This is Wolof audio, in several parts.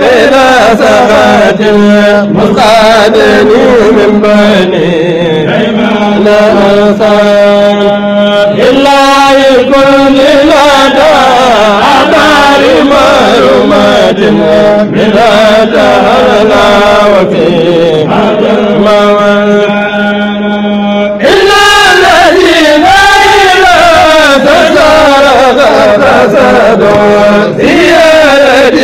بلا سخط مصادني من بني لا أنصار إلا يكون لدى أدار مرمد من أدارنا وفي ممن إلا الذين إلى تزار فسدوا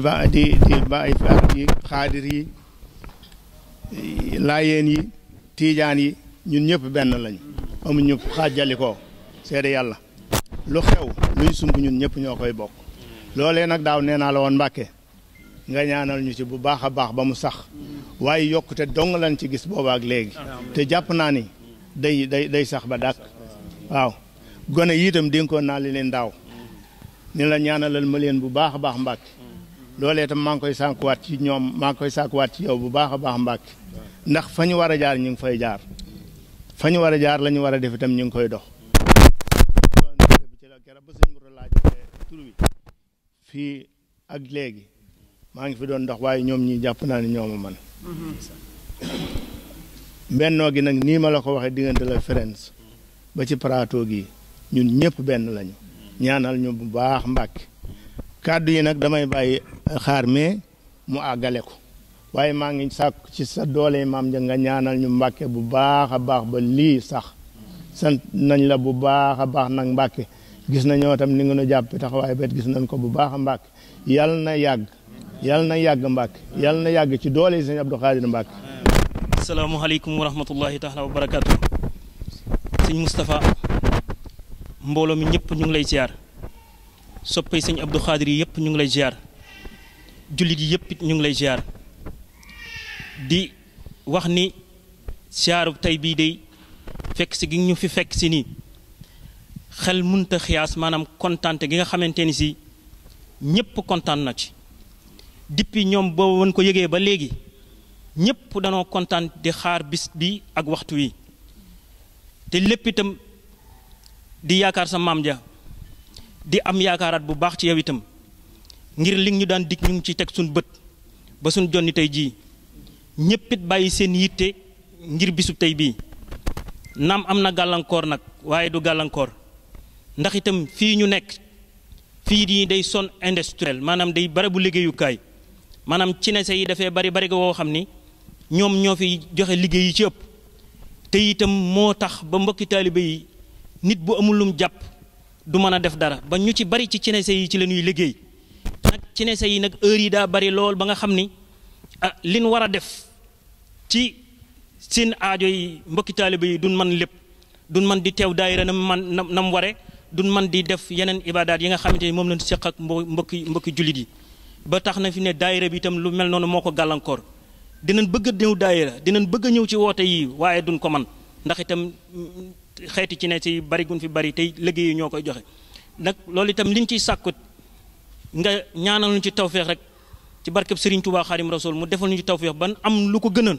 ba di di ba yi xaadir yi laayeen yi tiijaan yi ñun ñëpp benn lañu amuñu xaajali ko seede yàlla lu xew luñ sumb ñun ñëpp ñoo koy bokk loolee nag daaw nee naa la woon Mbàkke nga ñaanal ñu ci bu baax a baax ba mu sax waaye yokkute dong lañ ci gis boobaak léegi te jàpp naa ni day day sax ba dàkk waaw gone yiitam dénkoon naa li leen daaw ni la ñaanalal ma leen bu baax a baax Mbàkke loolee itam maa ngi koy sànkuwaat ci ñoom maa ngi koy sànkuwaat ci yow bu baax a baax Mbàkke ndax fa ñu war a jaar ñu ngi fay jaar fa ñu war a jaar lañu war a def itam ñu ngi koy dox fii ak léegi maa ngi fi doon dox waaye ñoom ñi jàpp naa ne ñooma man bennoo gi nag nii ma la ko waxee diggante la Firenze ba ci Prato gi ñun ñëpp benn lañu ñaanal ñu bu baax Mbàkke kàddu yi nag damay bàyyi xaar mais mu àggale ko waaye maa ngi sàkk ci sa doole maam ja nga ñaanal ñu mbàkke bu baax a baax ba lii sax sant nañ la bu baax a baax nag mbàkke gis nañoo tam ni nga nu jàpp taxawaay bet gis nañ ko bu baax a mbàkke yal na yàgg yal na yàgg mbàkke yal na yàgg ci doole yi sëñ Abdou Khadir mbàkke asalaamaaleykum wa rahmatullahi taala wa mbooloo mi ñëpp ñu ngi lay ziar soppay seigne abdou khadir yépp ñu ngi lay ziar julit yépp ñu ngi lay ziar di wax ni ziaru tay bi de fekk ci gi ñu fi fekk ci ni xel munta xiyaas maanaam kontante gi nga xamanteni ci si ñépp na ci dippi ñom bo won ko yegge ba legi ñépp dañoo kontaan di xaar bis bi ak waxtu wi te lepp itam di sa mam ja di am karat bu baax ci yow itam ngir li ñu daan dig ñu ci tek suñu bëtt ba suñu jonni tay ji ñeppit bayyi seen yitte ngir bisub tay bi nam amna galankor nak waye du galankor ndax itam fi ñu nekk fi di day son industriel manam day kay manam ci cinese yi dafee bari bari go xamni ni ño fi joxe liggey yi ci ëpp te itam motax ba mbokki talibey nit bu amul lum japp du mën a def dara ba ñu ci bari ci cinese yi ci lañuy liggéey nag cinese yi nag heure yi daa bari lool ba nga xam ni a ah, li ñu war a def ci seen aajo yi mbokki taaliba yi duñ man lépp duñ man di teew daayira na man na mu ware duñ man di def yeneen ibadaat yi nga xamante ni moom lañ seq ak mbokki mbokki jullit yi ba tax na fi ne daayira bi itam lu mel noonu moo ko gàllankoor dinañ bëgg a ñëw daayira dinañ bëgg a ñëw ci woote yi waaye duñ ko man ndax itam xeeti ci ne si fi bari tey liggéey yi ñoo koy joxe nag loolu itam liñ ciy sàkku nga ñaanal ñu ci tawféex rek ci barkeb Serigne Touba Xaadim Rasul mu defal ñu ci tawféex ban am lu ko gënoon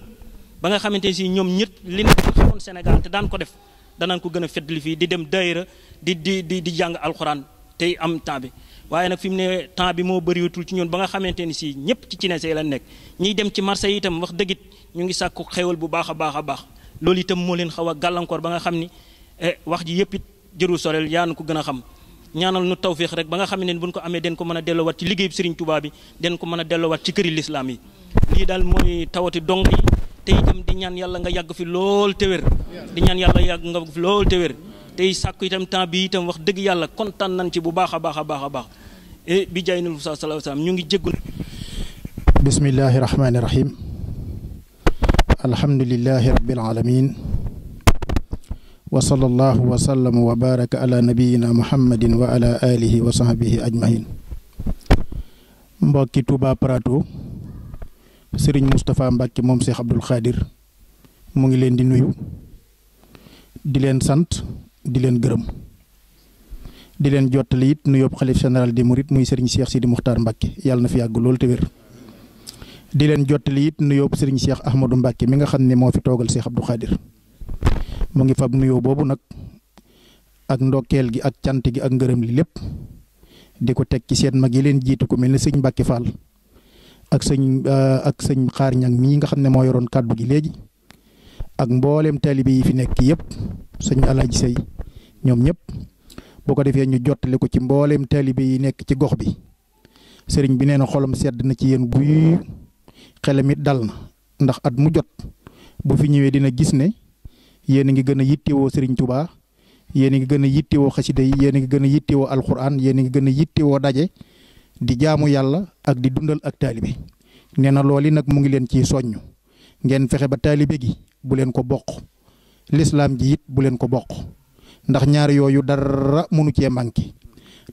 ba nga xamante ne si ñoom ñett li nekk xamoon te daan ko def danaan ko gën a fetli fii di dem daayira di di di di jàng alxuraan tey am temps bi waaye nag fi mu ne temps bi moo bëriwatul ci ñun ba nga xamante ni si ñëpp ci Cine yi lan nekk ñiy dem ci marché itam wax dëggit ñu ngi sàkku xewal bu baax a baax a baax loolu itam moo leen xaw a gàllankoor ba nga xam ni eh wax ji yépp it jëru sorel yaanu ko gën a xam ñaanal nu tawfiq rek ba nga xam ne buñ ko amee den ko mën a delloowaat ci liggéey sëriñ tuba bi den ko mën a delloowaat ci këri lislaam yi lii daal mooy tawati dong yi te itam di ñaan yàlla nga yàgg fi lool te wér di ñaan yàlla yàgg nga fi lool te wér tey sàkku itam temps bi itam wax dëgg yàlla kontaan nañ ci bu baax a baax a baax a baax e bi jaay nul musa sallallahu alayhi ñu ngi jéggul bismillahir rahmanir rahim alhamdulillahi rabbil alamin وصلى الله وسلم وبارك على نبينا محمد وعلى آله وصحبه أجمعين مباكي توبا براتو سيرين مصطفى مباكي مومسي عبد الخادر موغي لين دي نويو دي لين سانت دي لين غرم دي لين جوتلي نويوب خليف جنرال دي موريد موي سيرين شيخ سيدي مختار مباكي يالنا في ياغ لول تير دي لين جوتلي نويوب سيرين شيخ احمد مباكي ميغا خاني مو في توغل شيخ عبد الخادر mo ngi fab nuyo bobu nak ak ndokel gi ak tiant gi ak ngeureum li lepp diko tek ci seen mag yi leen jiitu ku mel ne sëñ Mbacke Fall ak seigne euh, ak seigne Xaar Ñang mi nga xamne mo yoron kaddu gi legi ak mbollem talibi yi fi nek yep seigne Alaaji Sey ñom ñep boo ko ñu jotale ko ci mbollem talibi yi nek ci gox bi sëriñ bi neena xolam sedd na ci yeen guy xelamit dal na ndax at mu jot bu fi ñewé dina gis ne yéen a ngi gën a yittewoo Serigne Touba yéen a ngi gën a yittewoo xasida yi yéen a ngi gën a yittewoo alxuraan yéen ngi di jaamu yalla ak di dundal ak talibé néna loli nak mu ngi len ci soñu ngeen fexé ba talibé gi bu len ko bokk l'islam ji yit bu len ko bokk ndax ñaar yoyu dara mënu ci manki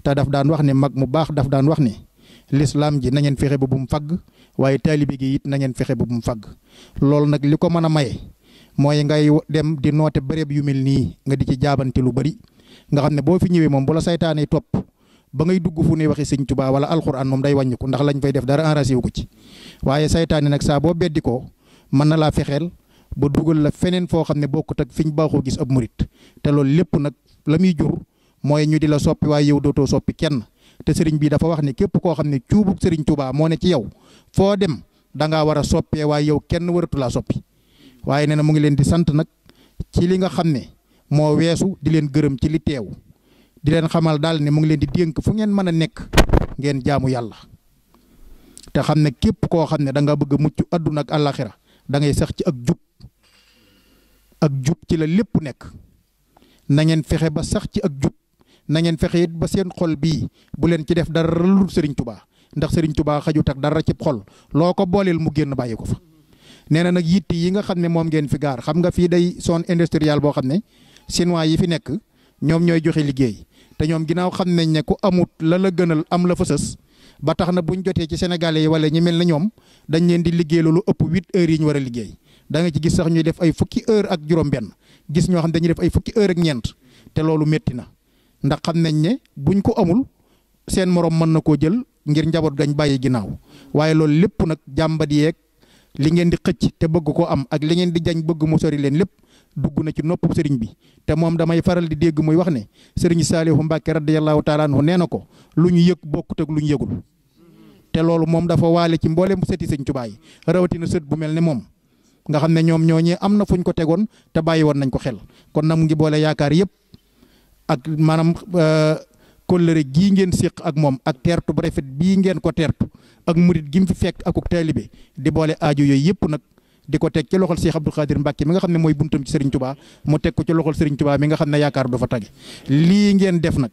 ta daf daan wax ne mag mu baax daf daan wax ni l'islam ji na ngeen fexe bu mu fagg waaye gi yit na ngeen fexe bu mu fagg mooy ngay dem di noote béréb yu mel nii nga di ci jaabante lu bari nga xam ne boo fi ñëwee moom bu la saytaanee topp ba ngay dugg fu ne waxi sëñ tubaa wala alxuraan moom day wàññiku ndax lañ fay def dara wu ko ci waaye saytaane nag boo beddi mën na laa fexeel ba dugal la feneen foo xam ne bokkut ak fi ñu baaxoo gis ab murit te loolu lépp nag la muy jur mooy ñu di la soppi waaye yow dootoo soppi kenn te sëriñ bi dafa wax ne képp koo xam ne cuubug sëriñ tubaa moo ne ci yow foo dem da ngaa war a soppee waaye yow kenn waratu laa soppi. waye nee mo ngi len di sante nak ci li nga xamne ne wessu di len gërëm ci li tew di len xamal dal ne mo ngi len di denk fu ngeen mën nek ngeen jaamu yalla te xamne ne ko xamne ne da nga bëgg muccu mucc àdduna ak àllaxira da ngay sax ci ak jub ak jub ci la lepp nek na ngeen fexé ba sax ci ak jub na ngeen fexé ba seen xol bi bu len ci def dara lu Serigne Touba ndax Serigne Touba xaju tak dara ci xol loko bolel mu genn bayiko fa. nee na nag yitti yi nga xam ne moom ngeen fi gaar xam nga fii day zone industrielle boo xam ne chinois yi fi nekk ñoom ñooy joxe liggéey te ñoom ginnaaw xam nañ ne ku amut la la gënal am la fa sës ba tax na buñ jotee ci sénégalais yi wala ñi mel na ñoom dañ leen di liggéey loolu ëpp huit heure yi ñu war a liggéey danga ci gis sax ñuy def ay fukki heure ak juróom-benn gis ñoo xam dañuy def ay fukki heure ak ñeent te loolu métti na ndax xam nañ ne buñ ko amul seen morom mën na koo jël ngir njaboot gañ bàyyi ginnaaw waaye loolu lépp nag jàmbat yeeg li ngeen di xëcc te bëgg ko am ak li di jañ bëgg mu sori leen lépp dugg na ci nopp sëriñ bi te moom damay faral di dégg muy wax ne sëriñ Saalihu Mbàkke radiyallaahu taala anhu nee na ko lu ñu yëg bokkut ak lu ñu yëgul te loolu moom dafa waale ci mboolem sëti sëñ Tuubaa rawatina sët bu mel ne moom nga xam ne ñoom ñooñee am na fuñ ko tegoon te bàyyi woon nañ ko xel kon nam ngi boole yaakaar yëpp ak maanaam euh, kóllëre gii ngeen séq ak moom ak teertu bu rafet bii ngeen ko teertu ak murit gi mu fi fekk akuk taalibe di boole aajo yooyu yëpp nag di ko teg ci loxol Cheikh Abdou Khadir Mbacke mi nga xam ne mooy buntam ci Serigne Touba mu teg ko ci loxol Serigne Touba mi nga xam ne yaakaar du fa tage lii ngeen def nag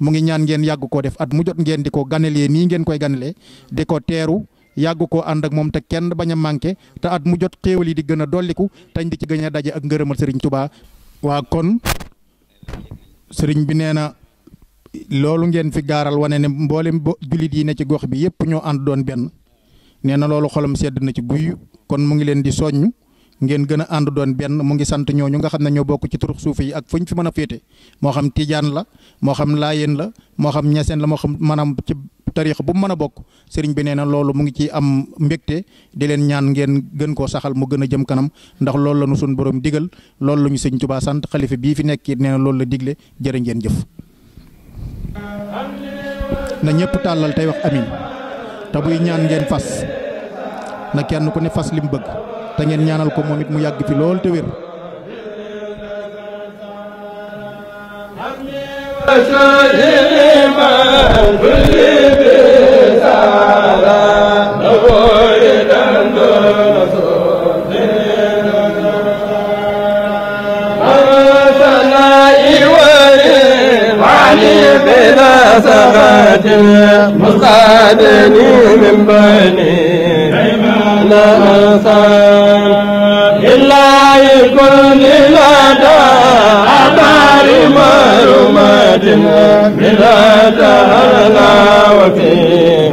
mu ngi ñaan ngeen yàgg koo def at mu jot ngeen di ko ganalee nii ngeen koy ganalee di ko teeru yàgg koo ànd ak moom te kenn bañ a manqué te at mu jot xéewal yi di gën a dolliku tañ di ci gën a daje ak ngërëmal Serigne Touba waa kon Serigne bi nee loolu ngeen fi garal wane né mbolé julit yi né ci gox bi yépp ño and doon ben né na loolu xolam sedd na ci kon mu ngi leen di soñu ngeen gëna and doon ben mu ngi sant ñu nga xamné ño bokku ci turux suufi yi ak fuñ fi mëna fété mo xam tidiane la mo xam laayeen la mo xam ñaseen la mo xam manam ci tariix bu mëna sëriñ bi nee na loolu ngi ci am mbékté di leen ñaan ngeen gën ko saxal mu gëna jëm kanam ndax loolu la sun borom digal loolu ñu sëñ sant khalifa bi fi nekk na la digle jërë ngeen jëf na ñëpp tàllal tey wax amin te buy ñaan ngeen fas na kenn ku ne fas li bëgg te ngeen ñaanal ko moom it mu yàgg fi lool te wér. علي بلا سخات مصادني من بني لا أنصار إلا يكون لدى أبار مرمد بلا دهر وفيه